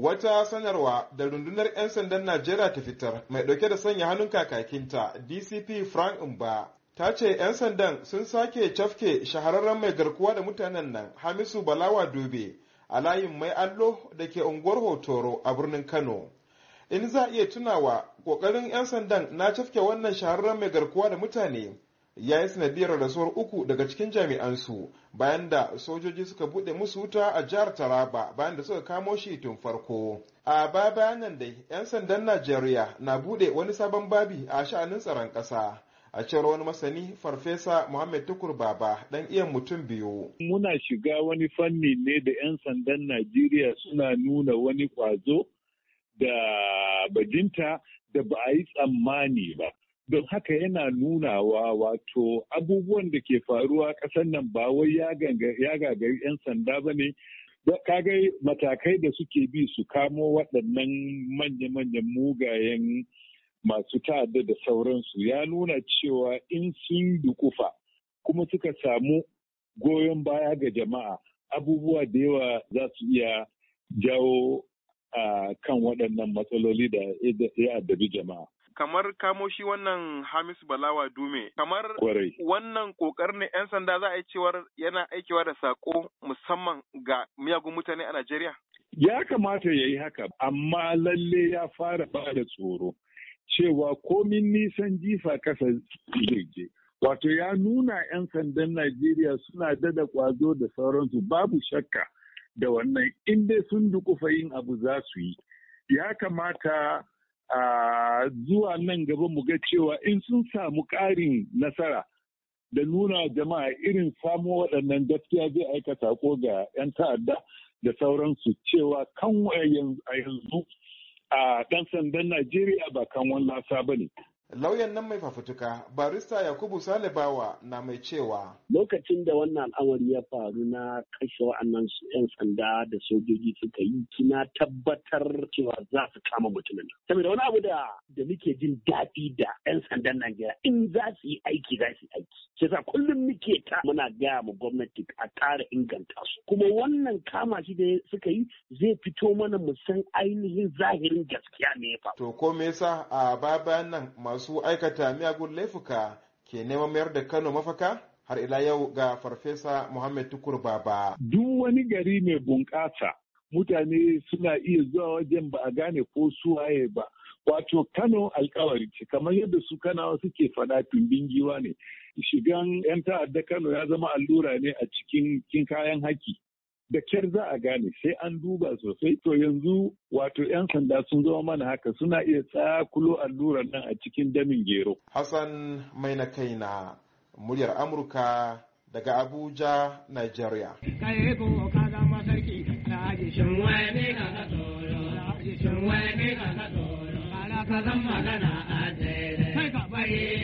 Wata sanarwa da rundunar 'yan sandan Najeriya ta fitar mai ɗauke da sanya hannun kakakinta DCP Frank Mba ta ce 'yan sandan sun sake cafke shahararren mai garkuwa da mutanen nan Hamisu Balawa Dube a layin mai allo da ke unguwar Hotoro a birnin Kano. In za a iya tunawa, ƙoƙarin 'yan sandan na cafke wannan shahararren mai garkuwa da mutane ya yi sanadiyar rasuwar uku daga cikin jami'ansu bayan da sojoji suka buɗe musu wuta a jihar taraba bayan da suka kamo shi tun farko a baya bayanan nan 'yan sandan najeriya na buɗe wani sabon babi a sha'anin tsaron ƙasa a cewar wani masani farfesa Muhammad Tukur Baba dan iya mutum biyu. Muna shiga wani fanni ne da 'yan sandan Najeriya suna nuna wani kwazo da bajinta da ba a yi tsammani ba. don haka yana nunawa wato abubuwan da ke faruwa ƙasar nan ba wai ya gagari 'yan sanda ba ne kaga matakai da suke bi su kamo waɗannan manya-manyan mugayen masu ta'adda da sauransu ya nuna cewa in sun dukufa kuma suka samu goyon baya ga jama'a abubuwa da yawa za su iya jawo a ah, kan waɗannan matsaloli da ya addabi jama'a. kamar kamo shi wannan Hamis Balawa Dume kamar wannan kokar ne yan sanda za a yi cewar yana aikewa da sako musamman ga miyagun mutane a Najeriya ya kamata ya yi haka amma lalle ya fara ba da tsoro cewa komin nisan jifa kasa jirgi wato ya nuna 'yan sandan Najeriya suna dada kwazo da sauransu babu shakka da wannan in dai sun dukufa yin abu za su yi ya kamata zuwa nan gaba mu ga cewa in sun samu ƙarin nasara da nuna jama'a irin samo waɗannan gaskiya zai aika sako ga 'yan ta'adda da sauransu cewa kan a yanzu a ɗan sandan Najeriya ba kan wani lasa ba ne. Lauyan nan mai fafutuka barista Yakubu Salibawa na mai cewa. Lokacin da wannan al'amari ya faru na kashe wa'annan 'yan sanda da sojoji suka yi kina tabbatar cewa za su kama mutumin. Saboda wani abu da muke jin daɗi da 'yan sandan Najeriya in za su yi aiki za su yi aiki. Sai sa kullum muke ta muna gaya mu gwamnati a ƙara inganta su. Kuma wannan kama shi da suka yi zai fito mana mu san ainihin zahirin gaskiya ne ya faru. To ko me yasa a baya bayan nan masu aikata miyagun laifuka ke neman mayar da Kano mafaka? Har ila yau ga Farfesa muhammed Tukur Baba. Duk wani gari mai bunƙasa mutane suna iya zuwa wajen ba a gane ko suwaye ba. Wato Kano alkawari ce, kamar yadda su Kanawa suke faɗa tumbin giwa ne. Shigan 'yan ta'adda Kano ya zama allura ne a cikin kayan haki. da kyar za a gane sai an duba sosai to yanzu wato 'yan sanda sun zama mana haka suna iya tsakulo allurar nan a cikin damin gero. Hassan mai na kai na muryar Amurka daga Abuja, Nigeria. Kai